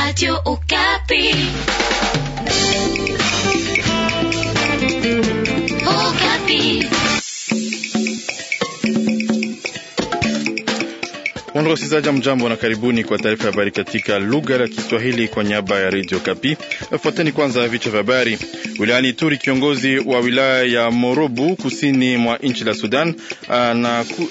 Radio Okapi. Wandugu wasikilizaji, mjambo na karibuni kwa taarifa ya habari katika lugha la Kiswahili kwa niaba ya redio Kapi. Fuateni kwanza vichwa vya habari. Wilayani turi kiongozi wa wilaya ya Morobu kusini mwa nchi la Sudan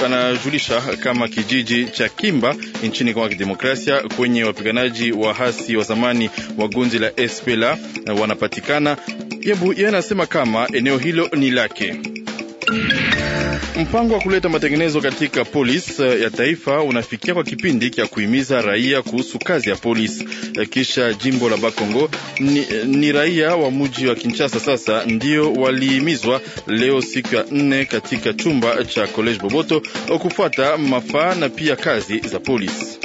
anajulisha kama kijiji cha Kimba nchini Kongo ya Kidemokrasia kwenye wapiganaji wa hasi wa zamani wa gunzi la SPLA wanapatikana. Yeye anasema kama eneo hilo ni lake. Mpango wa kuleta matengenezo katika polisi eh, ya taifa unafikia kwa kipindi cha kuhimiza raia kuhusu kazi ya polisi. Eh, kisha jimbo la Bakongo ni, eh, ni raia wa mji wa Kinshasa sasa ndio walihimizwa leo siku ya nne katika chumba cha College Boboto kufuata mafaa na pia kazi za polisi.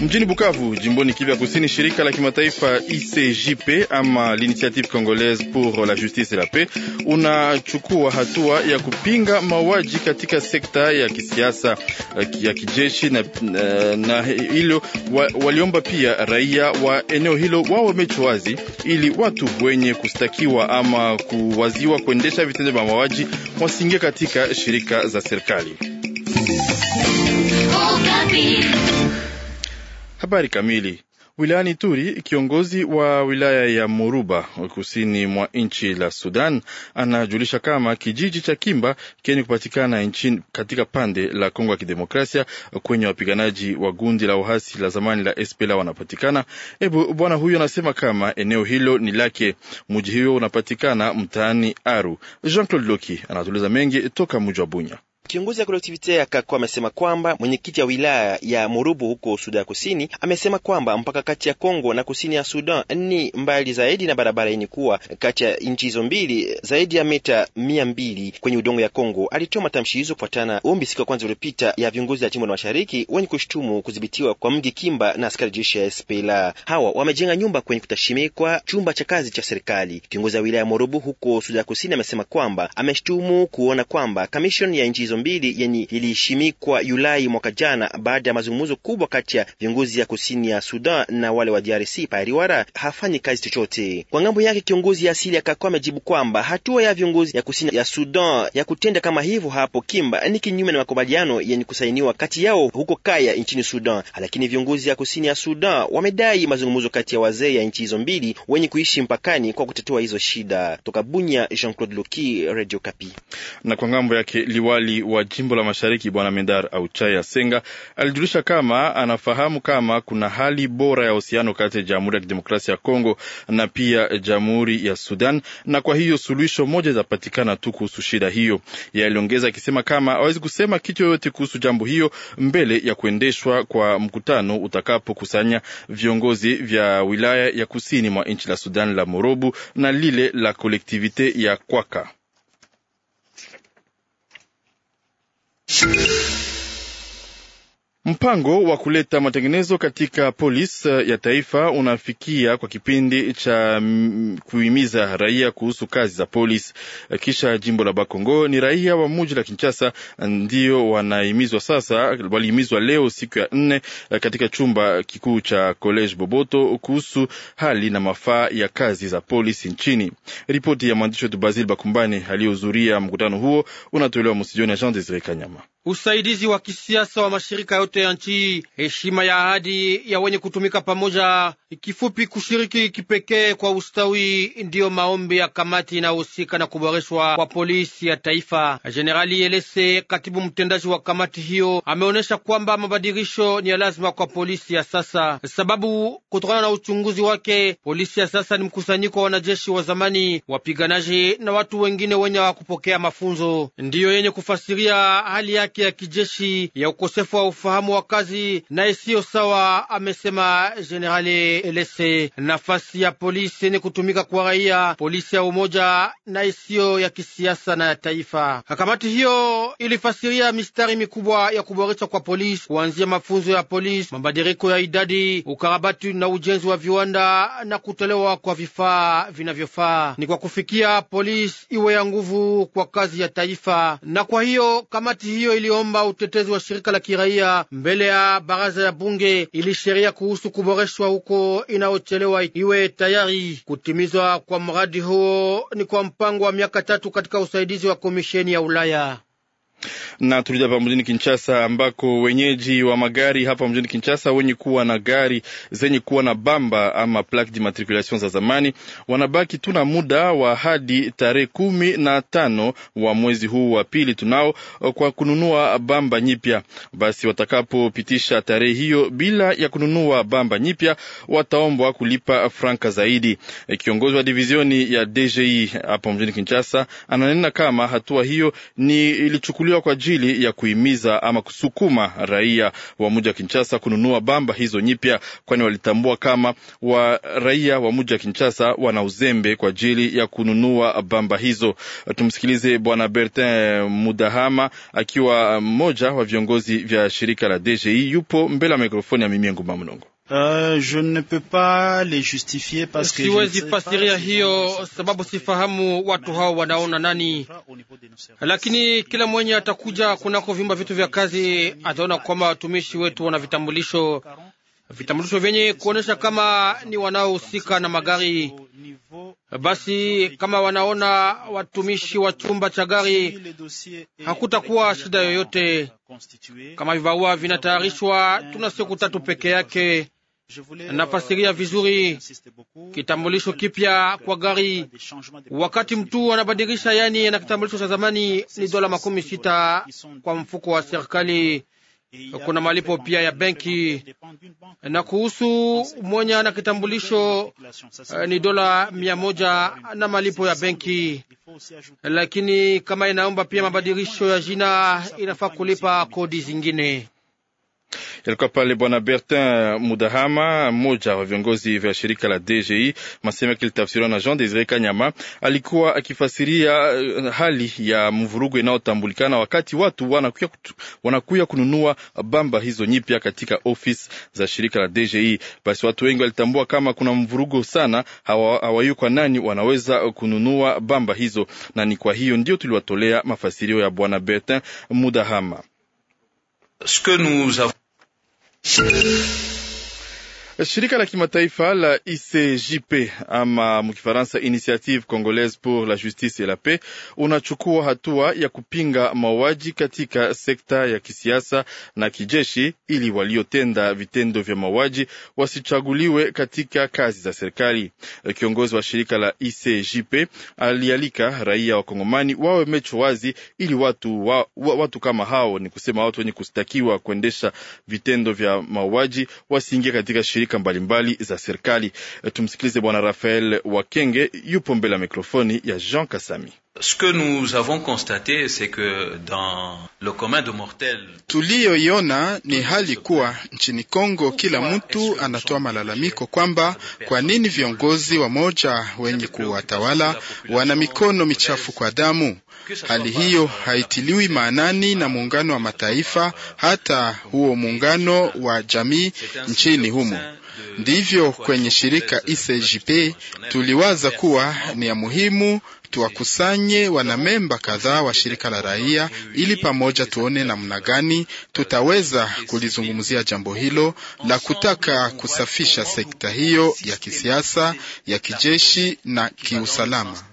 Mjini Bukavu, jimboni Kivu ya Kusini, shirika la kimataifa ICJP ama l'Initiative Congolaise pour la Justice et la Paix unachukua hatua ya kupinga mauaji katika sekta ya kisiasa eh, ya kijeshi, na, na, eh, na hilo wa, waliomba pia raia wa eneo hilo wawe macho wazi ili watu wenye kustakiwa ama kuwaziwa kuendesha vitendo vya mauaji wasiingie katika shirika za serikali. Oh, Habari kamili Wilayani Turi, kiongozi wa wilaya ya Muruba kusini mwa nchi la Sudan anajulisha kama kijiji cha Kimba kenye kupatikana nchini katika pande la Kongo ya Kidemokrasia kwenye wapiganaji wa gundi la uhasi la zamani la SPLA wanapatikana. Hebu bwana huyu anasema kama eneo hilo ni lake. Mji huyo unapatikana mtaani Aru. Jean Claude Loki anatuliza mengi toka mji wa Bunya. Kiongozi wa kolektivite ya Kakwa amesema kwamba mwenyekiti ya wilaya ya Murubu huko Sudan Kusini amesema kwamba mpaka kati ya Kongo na kusini ya Sudan ni mbali zaidi na barabara yenye kuwa kati ya nchi hizo mbili zaidi ya mita mia mbili kwenye udongo ya Kongo. Alitoa matamshi hizo kufuatana ombi siku ya kwanza iliyopita ya viongozi ya jimbo la mashariki wenye kushutumu kudhibitiwa kwa mji Kimba na askari jeshi ya SPLA. Hawa wamejenga nyumba kwenye kutashimikwa chumba cha kazi cha serikali. Kiongozi wa wilaya ya Murubu huko Sudan Kusini amesema kwamba ameshutumu kuona kwamba kamishon ya nchi hizo mbili yenye ilishimikwa Julai mwaka jana baada ya mazungumzo kubwa kati ya viongozi ya kusini ya Sudan na wale wa DRC. Pairiwara hafanyi kazi chochote kwa ngambo yake. Kiongozi ya asili ya Kakwa amejibu kwamba hatua ya viongozi ya kusini ya Sudan ya kutenda kama hivyo hapo Kimba ni kinyume na makubaliano yenye kusainiwa kati yao huko Kaya nchini Sudan, lakini viongozi ya kusini ya Sudan wamedai mazungumzo kati ya wazee ya nchi hizo mbili wenye kuishi mpakani kwa kutatua hizo shida. Toka Bunya, Jean Claude Loki, Radio Kapi. Na kwa ngambo yake liwali wa jimbo la mashariki bwana Mendar Auchaya Senga alijulisha kama anafahamu kama kuna hali bora ya uhusiano kati ya Jamhuri ya Kidemokrasia ya Kongo na pia Jamhuri ya Sudan, na kwa hiyo suluhisho moja itapatikana tu kuhusu shida hiyo. Yaliongeza akisema kama hawezi kusema kitu yoyote kuhusu jambo hiyo mbele ya kuendeshwa kwa mkutano utakapokusanya viongozi vya wilaya ya kusini mwa nchi la Sudan la Morobu na lile la kolektivite ya Kwaka. Mpango wa kuleta matengenezo katika polisi eh, ya taifa unafikia kwa kipindi cha mm, kuhimiza raia kuhusu kazi za polisi. Eh, kisha jimbo la Bakongo ni raia wa muji la Kinshasa eh, ndio wanahimizwa sasa, walihimizwa leo siku ya nne katika chumba kikuu cha College Boboto kuhusu hali na mafaa ya kazi za polisi nchini. Ripoti ya mwandishi wetu Basil Bakumbani aliyohudhuria mkutano huo unatolewa msijoni na Jean Desire Kanyama usaidizi wa kisiasa wa mashirika yote ya nchi, heshima ya ahadi ya wenye kutumika pamoja, kifupi kushiriki kipekee kwa ustawi, ndiyo maombi ya kamati inayohusika na kuboreshwa kwa polisi ya taifa. Jenerali Elese, katibu mtendaji wa kamati hiyo, ameonyesha kwamba mabadilisho ni ya lazima kwa polisi ya sasa, sababu kutokana na uchunguzi wake, polisi ya sasa ni mkusanyiko wa wanajeshi wa zamani, wapiganaji na watu wengine wenye wa kupokea mafunzo, ndiyo yenye kufasiria hali yake yake ya kijeshi ya ukosefu wa ufahamu wa kazi na isiyo sawa, amesema Jenerali Elese. Nafasi ya polisi ni kutumika kwa raia, polisi ya umoja na isiyo ya kisiasa na ya taifa. Kamati hiyo ilifasiria mistari mikubwa ya kuboresha kwa polisi, kuanzia mafunzo ya polisi, mabadiliko ya idadi, ukarabati na ujenzi wa viwanda na kutolewa kwa vifaa vinavyofaa, ni kwa kufikia polisi iwe ya nguvu kwa kazi ya taifa. Na kwa hiyo kamati hiyo iliomba utetezi wa shirika la kiraia mbele ya baraza ya bunge ili sheria kuhusu kuboreshwa huko inayochelewa iwe tayari. Kutimizwa kwa mradi huo ni kwa mpango wa miaka tatu katika usaidizi wa komisheni ya Ulaya na tulija hapa mjini Kinshasa ambako wenyeji wa magari hapa mjini Kinshasa wenye kuwa na gari zenye kuwa na bamba ama plaque de matriculation za zamani wanabaki tu na muda wa hadi tarehe kumi na tano wa mwezi huu wa pili tunao uh, kwa kununua bamba nyipya. Basi watakapopitisha tarehe hiyo bila ya kununua bamba nyipya wataombwa kulipa franka zaidi. Eh, kiongozi wa divizioni ya DGI hapa mjini Kinshasa ananena kama hatua hiyo ni ilichukuliwa kuchukuliwa kwa ajili ya kuhimiza ama kusukuma raia wa mji wa Kinshasa kununua bamba hizo nyipya, kwani walitambua kama wa raia wa mji wa Kinshasa wana uzembe kwa ajili ya kununua bamba hizo. Tumsikilize Bwana Bertin Mudahama akiwa mmoja wa viongozi vya shirika la DGI, yupo mbele ya mikrofoni ya Mimiengu Mamlongo. Euh, je ne peux pas les justifier parce que siwezi fasiria hiyo sababu sifahamu watu hao wanaona nani, lakini kila mwenye atakuja kunako vyumba vyetu vya kazi ataona kwamba watumishi wetu wana vitambulisho, vitambulisho vyenye kuonyesha kama ni wanaohusika na magari. Basi kama wanaona watumishi wa chumba cha gari, hakutakuwa shida yoyote. Kama vibarua vinatayarishwa, tuna siku tatu peke yake Euh, nafasiria vizuri kitambulisho kipya kwa gari. Wakati mtu anabadilisha yani na kitambulisho cha zamani, ni dola makumi sita kwa mfuko wa serikali. Kuna malipo pia ya benki. Na kuhusu mwenye na kitambulisho eh, ni dola mia moja na malipo ya benki, lakini kama inaomba pia mabadilisho ya jina, inafaa kulipa kodi zingine. Yalikuwa pale Bwana Bertin Mudahama, mmoja wa viongozi vya shirika la DGI, masema kilitafsiriwa na Jean Desire Kanyama. Alikuwa akifasiria eh, hali ya mvurugo inayotambulikana wakati watu wanakuya, kutu, wanakuya kununua bamba hizo nyipya katika ofisi za shirika la DGI. Basi watu wengi walitambua kama kuna mvurugo sana, hawaiyo kwa nani wanaweza kununua bamba hizo, na ni kwa hiyo ndio tuliwatolea mafasirio ya Bwana Bertin Mudahama. Shit. Shirika la kimataifa la ICJP ama mkifaransa Initiative Congolaise pour la Justice et la Paix unachukua hatua ya kupinga mauaji katika sekta ya kisiasa na kijeshi, ili waliotenda vitendo vya mauaji wasichaguliwe katika kazi za serikali. Kiongozi wa shirika la ICJP alialika raia wa Kongomani wawe mecho wazi, ili watu, wa, wa, watu kama hao, ni kusema watu wenye kustakiwa kuendesha vitendo vya mauaji wasiingie katika shirika mashirika mbalimbali mbali za serikali. Eh, tumsikilize Bwana Rafael Wakenge, yupo mbele ya mikrofoni ya Jean Kasami. Ce que nous avons constate, que dans le commun de mortel... tuliyoiona ni hali kuwa nchini Kongo kila mtu anatoa malalamiko kwamba kwa nini viongozi wamoja wenye kuwatawala wana mikono michafu kwa damu. Hali hiyo haitiliwi maanani na muungano wa mataifa, hata huo muungano wa jamii nchini humo. Ndivyo kwenye shirika ICJP e tuliwaza kuwa ni ya muhimu tuwakusanye wanamemba kadhaa wa shirika la raia ili pamoja tuone namna gani tutaweza kulizungumzia jambo hilo la kutaka kusafisha sekta hiyo ya kisiasa, ya kijeshi na kiusalama.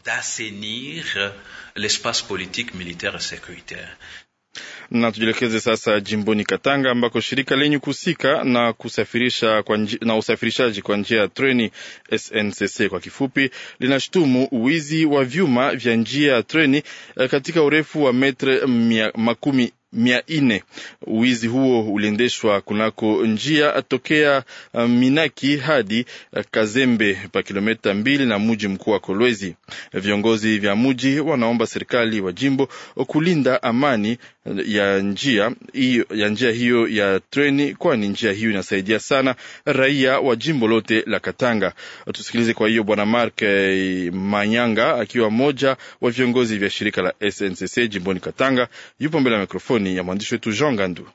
Na tujielekeze sasa jimboni Katanga ambako shirika lenye kuhusika na kusafirisha kwa na usafirishaji kwa njia ya treni SNCC kwa kifupi linashutumu uwizi wa vyuma vya njia ya treni eh, katika urefu wa metre mia, makumi mia nne. Uwizi huo uliendeshwa kunako njia tokea eh, Minaki hadi eh, Kazembe pa kilometa mbili na muji mkuu wa Kolwezi. Viongozi vya muji wanaomba serikali wa jimbo kulinda amani ya njia hiyo ya njia hiyo ya treni, kwani njia hiyo inasaidia sana raia wa jimbo lote la Katanga. Tusikilize kwa hiyo bwana Mark eh, Manyanga akiwa mmoja wa viongozi vya shirika la SNCC jimboni Katanga, yupo mbele ya mikrofoni ya mwandishi wetu Jean Gandu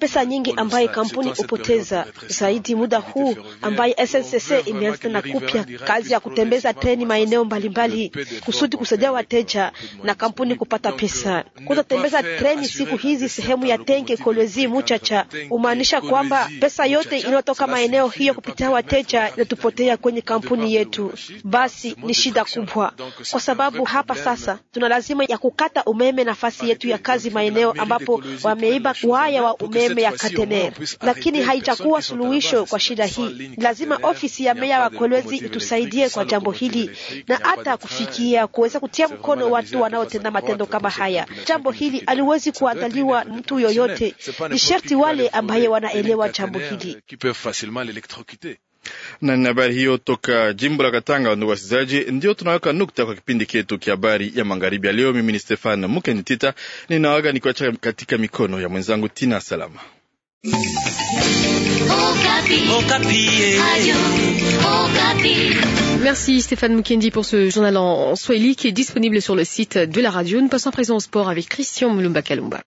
pesa nyingi ambaye kampuni hupoteza zaidi muda huu ambaye SNCC imeanza tena kupya kazi ya kutembeza treni maeneo mbalimbali kusudi kusaidia wateja na kampuni kupata pesa. Euh, Kutatembeza treni siku hizi sehemu ya Tenge Kolwezi Muchacha umaanisha kwamba pesa yote inayotoka maeneo hiyo kupitia wateja inatupotea kwenye kampuni yetu. Basi ni shida kubwa, kwa sababu hapa sasa tuna lazima ya kukata umeme nafasi yetu ya kazi maeneo ambapo wame wameiba waya wa umeme ya katener lakini haitakuwa suluhisho kwa shida hii. Lazima ofisi ya meya wa Kolwezi itusaidie kwa jambo hili na hata kufikia kuweza kutia mkono watu wanaotenda matendo kama haya. Jambo hili aliwezi kuandaliwa mtu yoyote, ni sherti wale ambaye wanaelewa jambo hili. na ni habari hiyo toka jimbo la Katanga. Wandugu wasikilizaji, ndio tunaweka nukta kwa kipindi chetu cha habari ya magharibi ya leo. Mimi ni Stefan Mukenitita, ninawaga nikiwacha katika mikono ya mwenzangu Tina Salama. Eh. Merci Stéphane Mukendi pour ce journal en Swahili qui est disponible sur le site de la radio. Nous passons à présent au sport avec Christian Mulumba Kalumba.